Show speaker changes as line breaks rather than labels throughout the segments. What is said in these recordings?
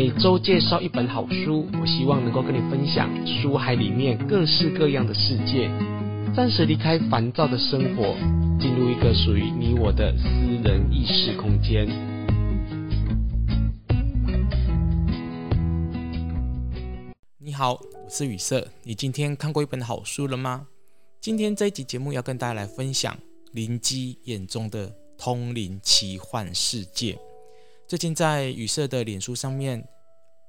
每週介紹一本好書，我希望能夠跟你分享書海裡面各式各樣的世界，暫時離開煩躁的生活，進入一個屬於你我的私人意識空間。你好，我是宇色，你今天看過一本好書了嗎？今天這一集節目要跟大家來分享《靈乩眼中的通靈奇幻世界》。最近在宇色的臉書上面、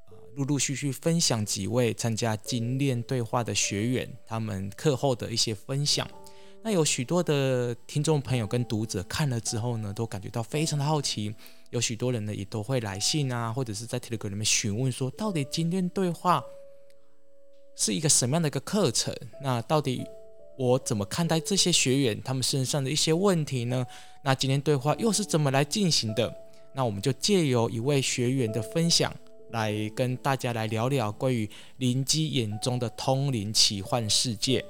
啊，陸陸續續分享幾位參加精煉對話的學員，他們課後的一些分享。那有許多的聽眾朋友跟讀者看了之後呢，都感覺到非常的好奇。有許多人呢也都會來信啊，或者是在 Telegram 裡面詢問說，到底精煉對話是一個什麼樣的一個課程？那到底我怎麼看待這些學員他們身上的一些問題呢？那今天對話又是怎麼來進行的？那我們就借由一位學員的分享，來跟大家來聊聊關於靈乩眼中的通靈奇幻世界。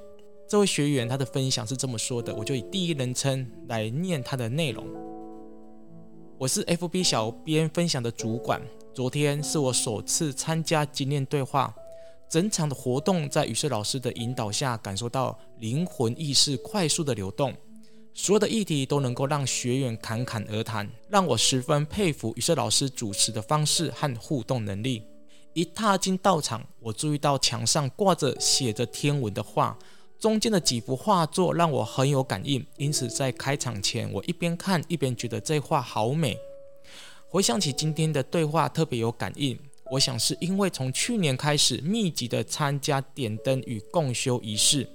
這位學員他的分享是這麼說的，我就以第一人稱來念他的內容。我是 FB 小編分享的主管，昨天是我首次參加精練對話，整場的活動在宇色老師的引導下，感受到靈魂意識快速的流動。所有的議題都能夠讓學員侃侃而談，讓我十分佩服宇色老師主持的方式和互動能力。一踏進道場，我注意到牆上掛着寫着天文的畫，中間的幾幅畫作讓我很有感應，因此在開場前，我一邊看一邊覺得這畫好美。回想起今天的對話，特別有感應，我想是因為從去年開始密集的參加點燈與共修儀式，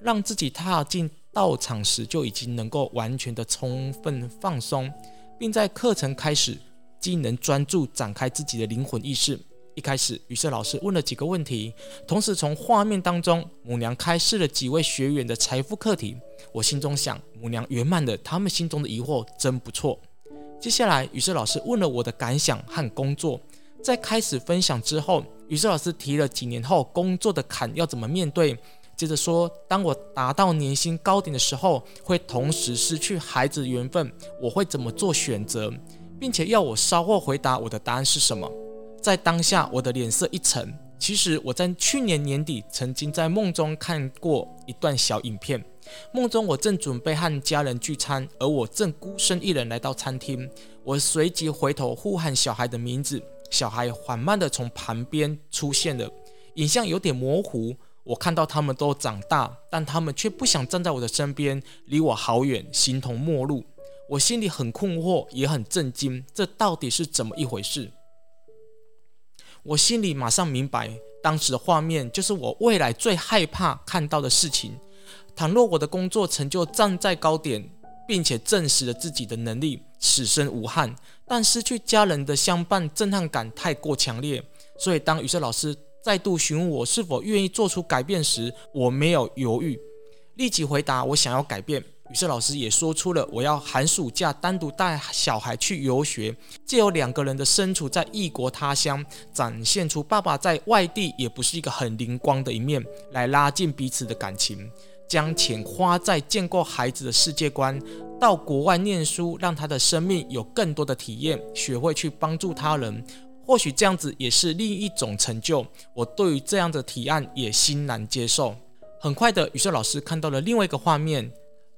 讓自己踏進。到場時就已經能夠完全的充分放鬆，並在課程開始即能專注展開自己的靈魂意識。一開始，宇色老師問了幾個問題，同時從畫面當中母娘開示了幾位學員的財富課題。我心中想，母娘圓滿了，他們心中的疑惑真不錯。接下來，宇色老師問了我的感想和工作。在開始分享之後，宇色老師提了幾年後工作的坎要怎麼面對。接着說，當我達到年薪高點的時候，會同時失去孩子的緣分，我會怎麼做選擇？並且要我稍後回答，我的答案是什麼？在當下，我的臉色一沉。其實我在去年年底曾經在夢中看過一段小影片，夢中我正準備和家人聚餐，而我正孤身一人來到餐廳，我隨即回頭呼喊小孩的名字，小孩緩慢地從旁邊出現了，影像有點模糊。我看到他們都長大，但他們卻不想站在我的身邊，離我好遠，形同陌路。我心裡很困惑，也很震驚，這到底是怎麼一回事？我心裡馬上明白，當時的畫面就是我未來最害怕看到的事情。倘若我的工作成就站在高點，並且證實了自己的能力，此生無憾。但失去家人的相伴，震撼感太過強烈，所以當宇色老師，再度詢問我是否願意做出改變時，我沒有猶豫，立即回答我想要改變。於是老師也說出了我要寒暑假單獨帶小孩去遊學，借由兩個人的身處在異國他鄉，展現出爸爸在外地也不是一個很靈光的一面，來拉近彼此的感情，將錢花在建構孩子的世界觀，到國外念書，讓他的生命有更多的體驗，學會去幫助他人。或許這樣子也是另一種成就，我對於這樣的提案也欣然接受。很快的，宇色老師看到了另外一個畫面：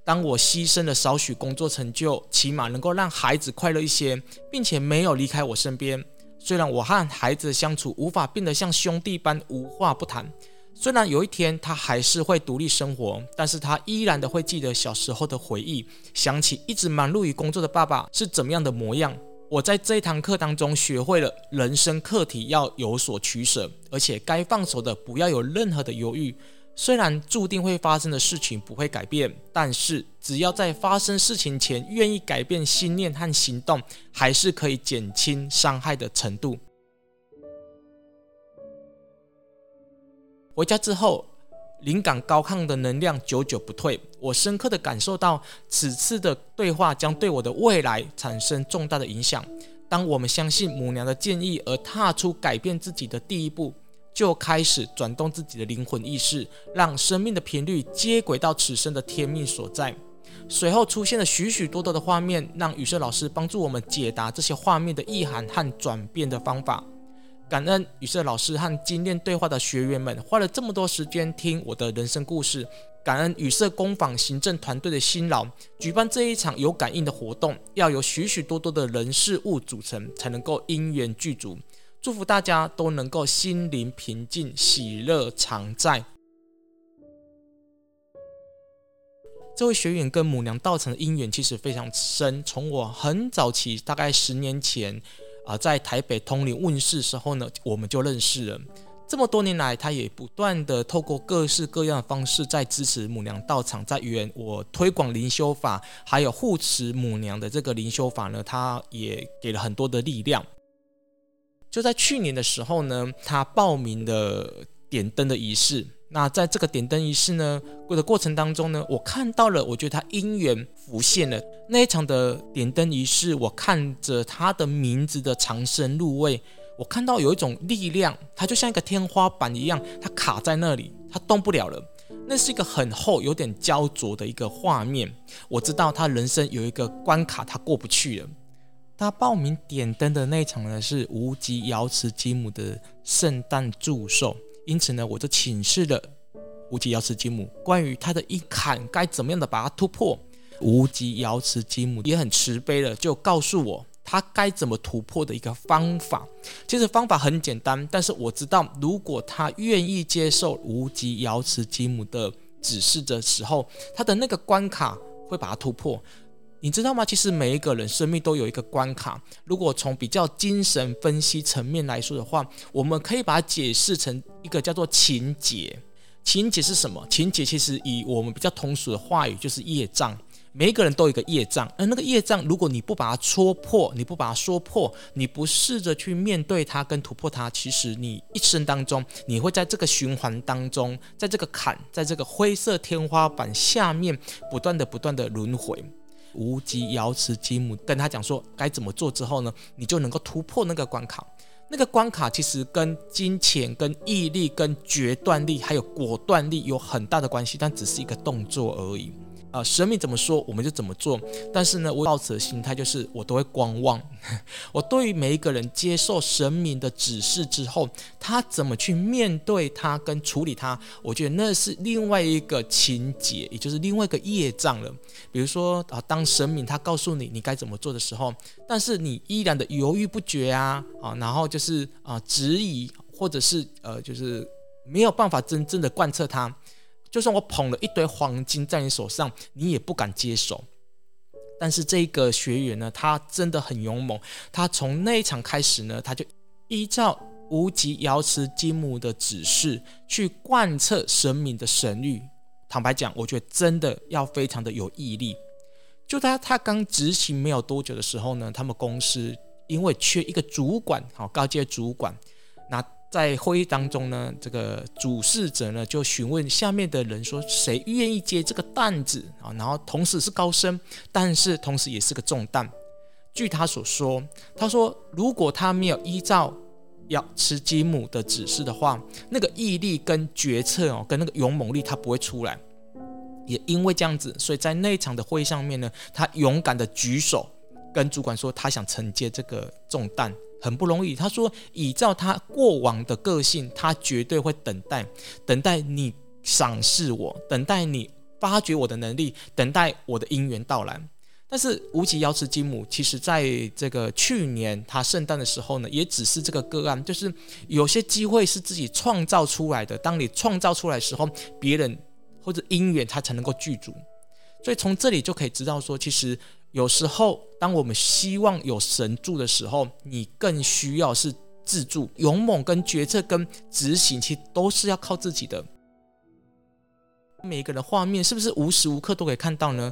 當我犧牲了少許工作成就，起碼能夠讓孩子快樂一些，並且沒有離開我身邊。雖然我和孩子的相處無法變得像兄弟般無話不談，雖然有一天他還是會獨立生活，但是他依然的會記得小時候的回憶，想起一直忙碌於工作的爸爸是怎麼樣的模樣。我在這一堂課當中學會了人生課題要有所取捨，而且該放手的不要有任何的猶豫。雖然注定會發生的事情不會改變，但是只要在發生事情前願意改變心念和行動，還是可以減輕傷害的程度。回家之後。靈感高亢的能量久久不退，我深刻地感受到此次的對話將對我的未來產生重大的影響。當我們相信母娘的建議而踏出改變自己的第一步，就開始轉動自己的靈魂意識，讓生命的頻率接軌到此生的天命所在。隨後出現了許許多多的畫面，讓宇色老師幫助我們解答這些畫面的意涵和轉變的方法。感恩宇色老師和精煉對話的學員們花了這麼多時間聽我的人生故事。感恩宇色工坊行政團隊的辛勞，舉辦這一場有感應的活動，要由許許多多的人事物組成，才能夠因緣具足。祝福大家都能夠心靈平靜，喜樂常在。這位學員跟母娘道成的因緣其實非常深，從我很早期，大概十年前。啊，在台北通靈問世時候呢，我們就認識了。這麼多年來，他也不斷的透過各式各樣的方式，在支持母娘道場，在於我推廣靈修法，還有護持母娘的這個靈修法呢，他也給了很多的力量。就在去年的時候呢，他報名的，點燈的儀式，那在這個點燈儀式呢過的過程當中呢，我看到了，我覺得他姻緣浮現了。那一場的點燈儀式，我看着他的名字的長生祿位，我看到有一種力量，它就像一個天花板一樣，它卡在那裡，它動不了了。那是一個很厚，有點焦灼的一個畫面。我知道他人生有一個關卡，他過不去了。他報名點燈的那一場呢，是無極瑤池金母的聖誕祝壽。因此呢，我就請示了無極瑤池金母關於他的一坎該怎麼樣的把它突破，無極瑤池金母也很慈悲的就告訴我他該怎麼突破的一個方法。其實方法很簡單，但是我知道如果他願意接受無極瑤池金母的指示的時候，他的那個關卡會把它突破。你知道嗎？其實每一個人生命都有一個關卡。如果從比較精神分析層面來說的話，我們可以把它解釋成一個叫做情結。情結是什麼？情結其實以我們比較通俗的話語，就是業障。每一個人都有一個業障，而那個業障，如果你不把它戳破，你不把它說破，你不試着去面對它跟突破它，其實你一生當中，你會在這個循環當中，在這個坎，在這個灰色天花板下面，不斷的、不斷的輪迴。無極瑤池金母，跟他講說，該怎麼做之後呢，你就能夠突破那個關卡。那個關卡其實跟金錢、跟毅力、跟決斷力，還有果斷力有很大的關係，但只是一個動作而已。啊，神明怎麼說，我們就怎麼做。但是呢，我抱持的心態就是，我都會觀望。我對於每一個人接受神明的指示之後，他怎麼去面對他跟處理他，我覺得那是另外一個情節，也就是另外一個業障了。比如說啊，當神明他告訴你，你該怎麼做的時候，但是你依然的猶豫不決啊，啊，然後就是啊，質疑或者是呃，就是沒有辦法真正的貫徹它。就算我捧了一堆黃金在你手上，你也不敢接手。但是這個學員呢，他真的很勇猛。他從那一場開始呢，他就依照無極瑤池金母的指示去貫徹神明的神諭。坦白講，我覺得真的要非常的有毅力。就他他剛執行沒有多久的時候呢，他們公司因為缺一個主管，好高階主管，那。在會議當中呢，這個主事者呢就詢問下面的人說：“誰願意接這個擔子啊？”然後同時是高升，但是同時也是個重擔。據他所說，他說如果他沒有依照瑤池金母的指示的話，那個毅力跟決策哦，跟那個勇猛力他不會出來。也因為這樣子，所以在那一場的會議上面呢，他勇敢的舉手跟主管說他想承接這個重擔。很不容易。他說：“依照他過往的個性，他絕對會等待，等待你賞識我，等待你發掘我的能力，等待我的姻緣到來。但是，無極瑤池金母，其實在這個去年他聖誕的時候呢，也只是這個個案，就是有些機會是自己創造出來的。當你創造出來的時候，別人或者姻緣，他才能夠具足。所以，從這裡就可以知道說，其實。”有時候，當我們希望有神助的時候，你更需要是自助。勇猛、跟決策、跟執行，其實都是要靠自己的。每一個人的畫面，是不是無時無刻都可以看到呢？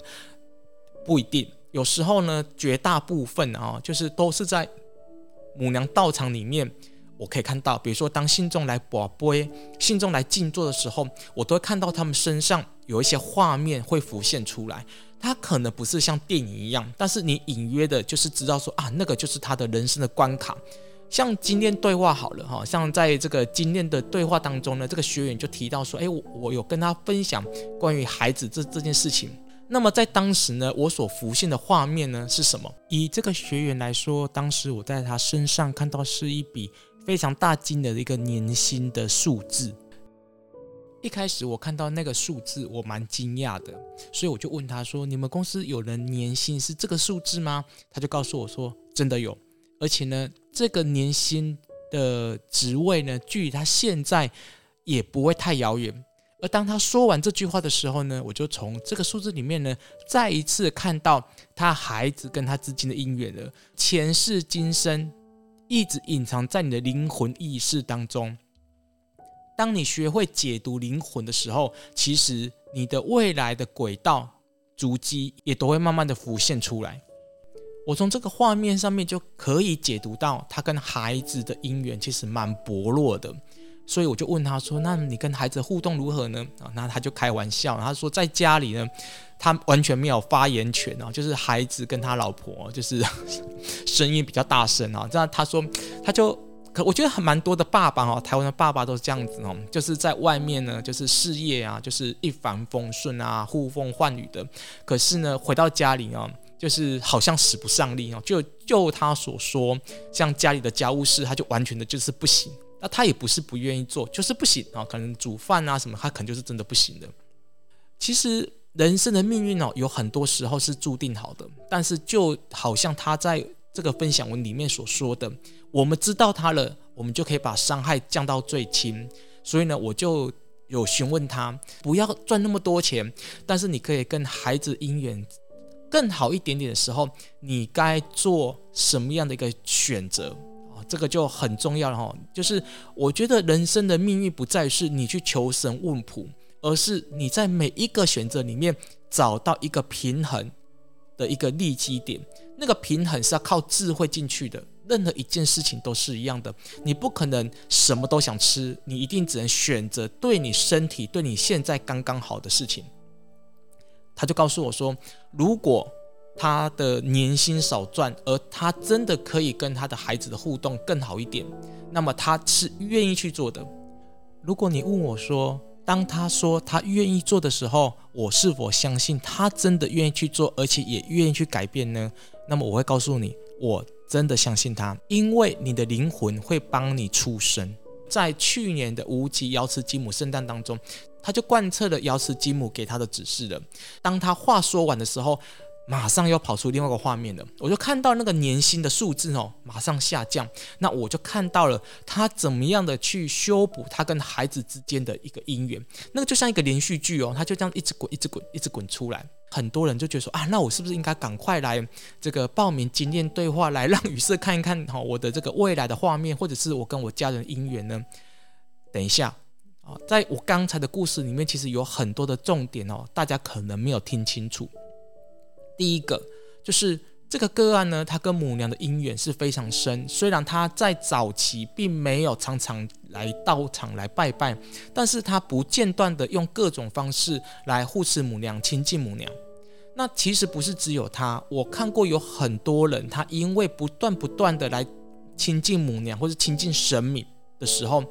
不一定。有時候呢，絕大部分啊，就是都是在母娘道場裡面。我可以看到，比如說當信眾來跋杯、信眾來靜坐的時候，我都會看到他們身上有一些畫面會浮現出來。他可能不是像電影一樣，但是你隱約的就是知道說啊，那個就是他的人生的關卡。像今天對話好了哈，像在這個今天的對話當中呢，這個學員就提到說，哎、欸，我我有跟他分享關於孩子這這件事情。那麼在當時呢，我所浮現的畫面呢是什麼？以這個學員來說，當時我在他身上看到是一筆。非常大金的一個年薪的數字。一開始我看到那個數字，我蠻驚訝的，所以我就問他說：“你們公司有人年薪是這個數字嗎？”他就告訴我說：“真的有，而且呢，這個年薪的職位呢，距離他現在也不會太遙遠。”而當他說完這句話的時候呢，我就從這個數字裡面呢，再一次看到他孩子跟他之間的姻緣了，前世今生。一直隱藏在你的靈魂意識當中。當你學會解讀靈魂的時候，其實你的未來的軌道、足跡也都會慢慢的浮現出來。我從這個畫面上面就可以解讀到，他跟孩子的姻緣其實蠻薄弱的。所以我就問他說：“那你跟孩子互動如何呢？”啊，那他就開玩笑，他說：“在家裡呢。”他完全沒有發言權啊，就是孩子跟他老婆、啊，就是聲音比較大聲這樣他說，他就可我覺得很蠻多的爸爸哦、啊，台灣的爸爸都是這樣子哦、啊，就是在外面呢，就是事業啊，就是一帆風順啊，呼風喚雨的。可是呢，回到家裡呢、啊，就是好像使不上力哦、啊。就就他所說，像家裡的家務事，他就完全的就是不行。那他也不是不願意做，就是不行啊。可能煮飯啊什麼，他可能就是真的不行的。其實。人生的命運哦，有很多時候是注定好的，但是就好像他在這個分享文裡面所說的，我們知道他了，我們就可以把傷害降到最輕。所以呢，我就有詢問他，不要賺那麼多錢，但是你可以跟孩子姻緣更好一點點的時候，你該做什麼樣的一個選擇啊？這個就很重要了哈。就是我覺得人生的命運不再是你去求神問卜。而是你在每一個選擇裡面找到一個平衡的一個利基點，那個平衡是要靠智慧進去的。任何一件事情都是一樣的，你不可能什麼都想吃，你一定只能選擇對你身體、對你現在剛剛好的事情。他就告訴我說，如果他的年薪少賺，而他真的可以跟他的孩子的互動更好一點，那麼他是願意去做的。如果你問我說，當他說他願意做的時候，我是否相信他真的願意去做，而且也願意去改變呢？那麼我會告訴你，我真的相信他，因為你的靈魂會幫你出聲。在去年的無極瑤池金母聖誕當中，他就貫徹了瑤池金母給他的指示了。當他話說完的時候。馬上要跑出另外一個畫面了，我就看到那個年薪的數字哦，馬上下降。那我就看到了他怎麼樣的去修補他跟孩子之間的一個姻緣。那個就像一個連續劇哦，他就這樣一直滾，一直滾，一直滾出來。很多人就覺得說啊，那我是不是應該趕快來這個報名精練對話，來讓宇色看一看哈、哦，我的這個未來的畫面，或者是我跟我家人姻緣呢？等一下啊，在我剛才的故事裡面，其實有很多的重點哦，大家可能沒有聽清楚。第一個就是這個個案呢，他跟母娘的姻緣是非常深。雖然他在早期並沒有常常來道場來拜拜，但是他不間斷的用各種方式來護持母娘、親近母娘。那其實不是只有他，我看過有很多人，他因為不斷不斷的來親近母娘或者親近神明的時候，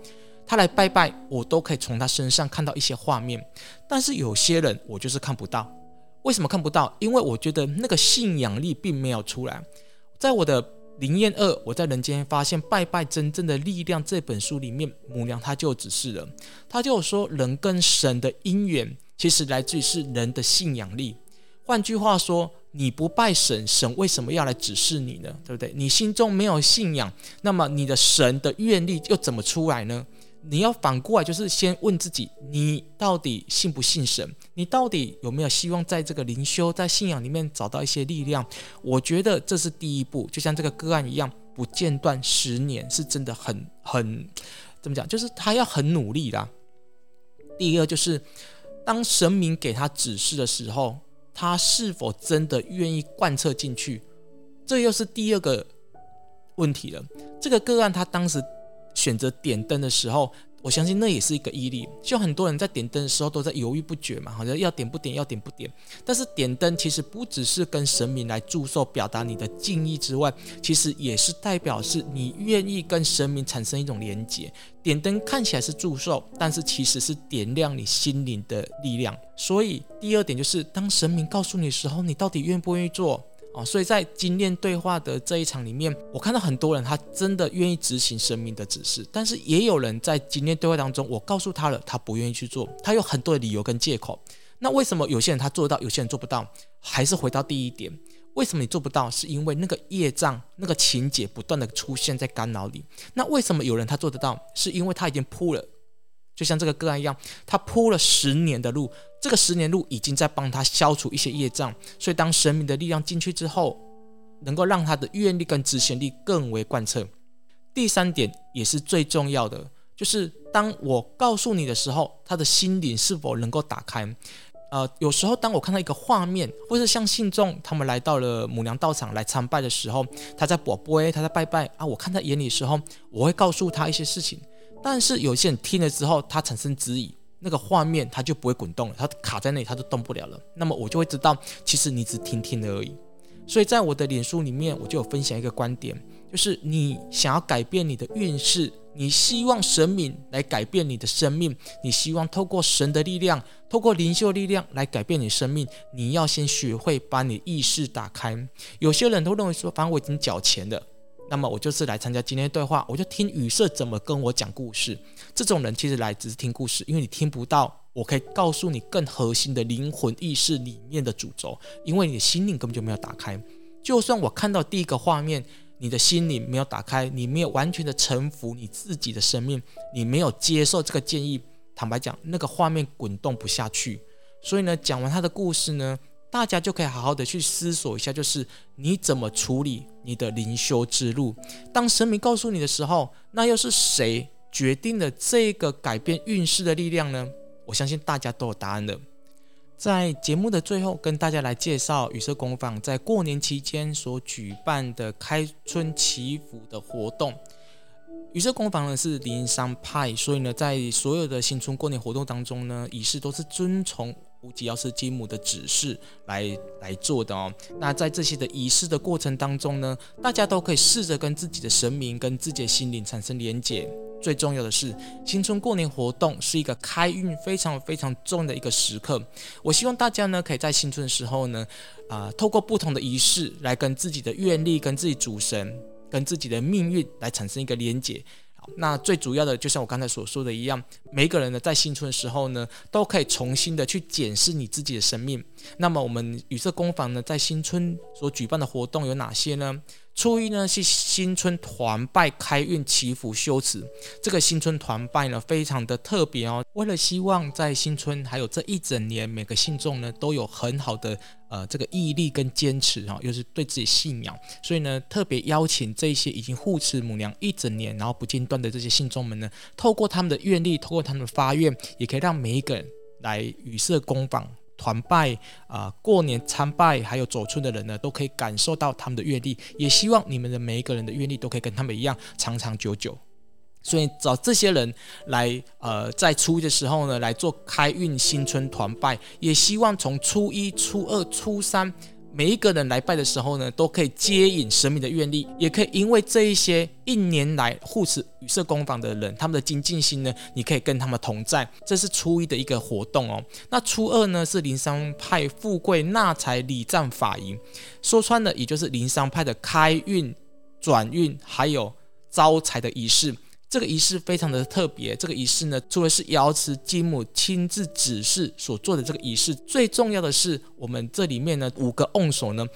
他來拜拜，我都可以從他身上看到一些畫面。但是有些人，我就是看不到。為什麼看不到？因為我覺得那個信仰力並沒有出來。在我的靈驗二，我在人間發現《拜拜真正的力量》這本書裡面，母娘她就指示了，她就說人跟神的因緣其實來自於是人的信仰力。換句話說，你不拜神，神為什麼要來指示你呢？對不對？你心中沒有信仰，那麼你的神的願力又怎麼出來呢？你要反過來，就是先問自己：你到底信不信神？你到底有沒有希望在這個靈修、在信仰裡面找到一些力量？我覺得這是第一步。就像這個個案一樣，不間斷十年是真的很很怎麼講？就是他要很努力啦。第二就是，當神明給他指示的時候，他是否真的願意貫徹進去？這又是第二個問題了。這個個案他當時，選擇點燈的時候，我相信那也是一個毅力。就很多人在點燈的時候都在猶豫不決嘛，好像要點不點，要點不點。但是點燈其實不只是跟神明來祝壽，表達你的敬意之外，其實也是代表是你願意跟神明產生一種連接。點燈看起來是祝壽，但是其實是點亮你心靈的力量。所以第二點就是，當神明告訴你的時候，你到底願不願意做？啊，所以在精練對話的這一場裡面，我看到很多人他真的願意執行生命的指示，但是也有人在精練對話當中，我告訴他了，他不願意去做，他有很多的理由跟借口。那為什麼有些人他做得到，有些人做不到？還是回到第一點，為什麼你做不到？是因為那個業障、那個情結不斷的出現在干擾裡。那為什麼有人他做得到？是因為他已經鋪了，就像這個個案一樣，他鋪了十年的路。這個十年路已經在幫他消除一些業障，所以當神明的力量進去之後，能夠讓他的願力跟執行力更為貫徹。第三點也是最重要的，就是當我告訴你的時候，他的心靈是否能夠打開？呃，有時候當我看到一個畫面，或是像信眾他們來到了母娘道場來參拜的時候，他在膜拜誒，他在拜拜啊，我看他眼裡的時候，我會告訴他一些事情，但是有些人聽了之後，他產生質疑。那個畫面它就不會滾動了，它卡在那裡，它都動不了了。那麼我就會知道，其實你只聽聽了而已。所以在我的臉書裡面，我就有分享一個觀點，就是你想要改變你的運勢，你希望神明來改變你的生命，你希望透過神的力量，透過靈修力量來改變你生命，你要先學會把你意識打開。有些人都認為說，反正我已經繳錢了。那麼我就是來參加今天的對話，我就聽宇色怎麼跟我講故事。這種人其實來只是聽故事，因為你聽不到，我可以告訴你更核心的靈魂意識裡面的主軸，因為你的心靈根本就沒有打開。就算我看到第一個畫面，你的心靈沒有打開，你沒有完全的臣服你自己的生命，你沒有接受這個建議，坦白講，那個畫面滾動不下去。所以呢，講完他的故事呢。大家就可以好好的去思索一下，就是你怎麼處理你的靈修之路。當神明告訴你的時候，那又是誰決定了這個改變運勢的力量呢？我相信大家都有答案的。在節目的最後，跟大家來介紹宇色工坊在過年期間所舉辦的開春祈福的活動。宇色工坊呢是靈山派，所以呢，在所有的新春過年活動當中呢，儀式都是遵從。估計要是金母的指示來來做的哦。那在這些的儀式的過程當中呢，大家都可以試着跟自己的神明、跟自己的心靈產生連結。最重要的是，新春過年活動是一個開運非常非常重的一個時刻。我希望大家呢，可以在新春的時候呢，啊、呃，透過不同的儀式來跟自己的願力、跟自己主神、跟自己的命運來產生一個連結。那最主要的，就像我剛才所說的一樣，每個人呢，在新春的時候呢，都可以重新的去檢視你自己的生命。那麼，我們宇色工坊呢，在新春所舉辦的活動有哪些呢？初一呢，是新春團拜、開運、祈福、修持。這個新春團拜呢，非常的特別哦。為了希望在新春還有這一整年，每個信眾呢，都有很好的。呃，這個毅力跟堅持哈、哦，又是對自己信仰，所以呢，特別邀請這些已經護持母娘一整年，然後不間斷的這些信眾們呢，透過他們的願力，透過他們的發願，也可以讓每一個人來宇色工坊團拜啊、呃，過年參拜，還有走春的人呢，都可以感受到他們的願力，也希望你們的每一個人的願力都可以跟他們一樣長長久久。所以找這些人來，呃，在初一的時候呢，來做開運新春團拜，也希望從初一、初二、初三，每一個人來拜的時候呢，都可以接引神明的願力，也可以因為這一些一年來護持宇色工坊的人，他們的精進心呢，你可以跟他們同在。這是初一的一個活動哦。那初二呢，是靈山派富貴納財禮讚法儀，說穿了也就是靈山派的開運轉運還有招財的儀式。這個儀式非常的特別，這個儀式呢，除了是瑤池金母親自指示所做的這個儀式，最重要的是我們這裡面呢五個拱手呢。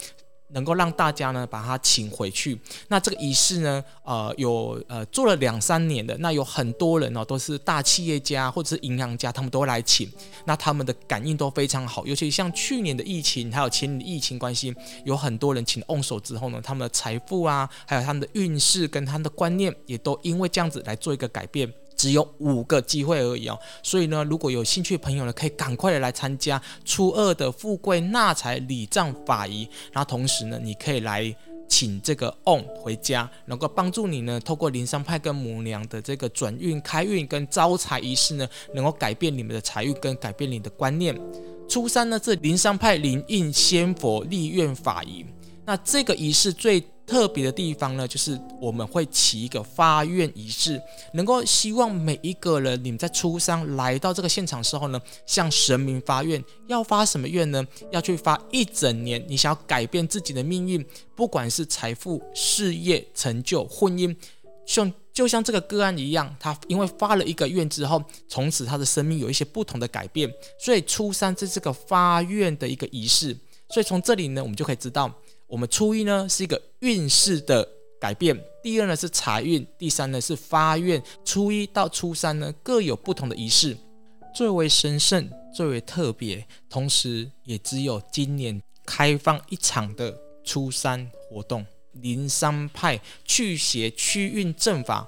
能夠讓大家呢把他請回去，那這個儀式呢，呃，有呃做了兩三年的，那有很多人哦，都是大企業家或者是銀行家，他們都會來請，那他們的感應都非常好，尤其像去年的疫情，還有前年的疫情關係，有很多人請動手之後呢，他們的財富啊，還有他們的運勢跟他們的觀念，也都因為這樣子來做一個改變。只有五個機會而已哦，所以呢，如果有興趣的朋友呢，可以趕快的來參加初二的富貴納財禮賬法儀，然後同時呢，你可以來請這個 on 回家，能夠幫助你呢，透過靈山派跟母娘的這個轉運開運跟招財儀式呢，能夠改變你們的財運跟改變你的觀念。初三呢，是靈山派靈印仙佛立願法儀，那這個儀式最特別的地方呢，就是我們會起一個發願儀式，能夠希望每一個人，你們在初三來到這個現場的時候呢，向神明發願，要發什麼願呢？要去發一整年，你想要改變自己的命運，不管是財富、事業、成就、婚姻，像就像這個個案一樣，他因為發了一個願之後，從此他的生命有一些不同的改變，所以初三這是個發願的一個儀式，所以從這裡呢，我們就可以知道。我們初一呢是一個運勢的改變，第二呢是財運，第三呢是發願。初一到初三呢各有不同的儀式，最為神聖，最為特別，同時也只有今年開放一場的初三活動。靈山派去邪驅運陣法，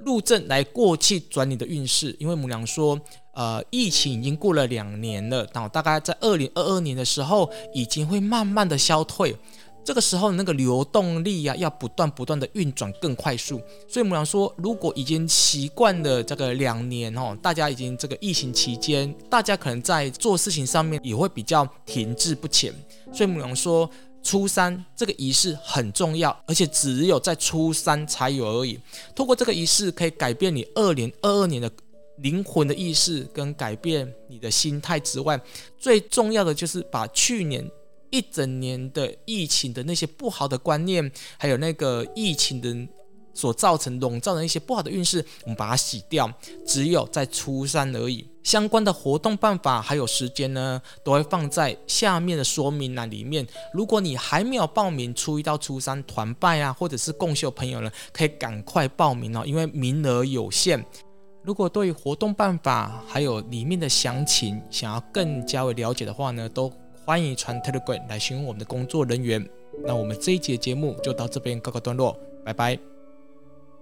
入陣來過氣轉你的運勢。因為母娘說，呃，疫情已經過了兩年了，然後大概在二零二二年的時候，已經會慢慢的消退。這個時候那個流動力啊，要不斷不斷的運轉更快速。所以母娘說，如果已經習慣了這個兩年哦，大家已經這個疫情期間，大家可能在做事情上面也會比較停滯不前。所以母娘說，初三這個儀式很重要，而且只有在初三才有而已。通過這個儀式，可以改變你二零二二年的靈魂的意識，跟改變你的心態之外，最重要的就是把去年。一整年的疫情的那些不好的觀念，還有那個疫情的所造成籠罩的一些不好的運勢，我們把它洗掉，只有在初三而已。相關的活動辦法還有時間呢，都會放在下面的說明欄裡面。如果你還沒有報名初一到初三團拜啊，或者是共修朋友呢，可以趕快報名哦，因為名額有限。如果對於活動辦法還有裡面的詳情想要更加的了解的話呢，都。歡迎傳 Telegram 來詢問我們的工作人員。那我們這一集的節目就到這邊告個段落，拜拜。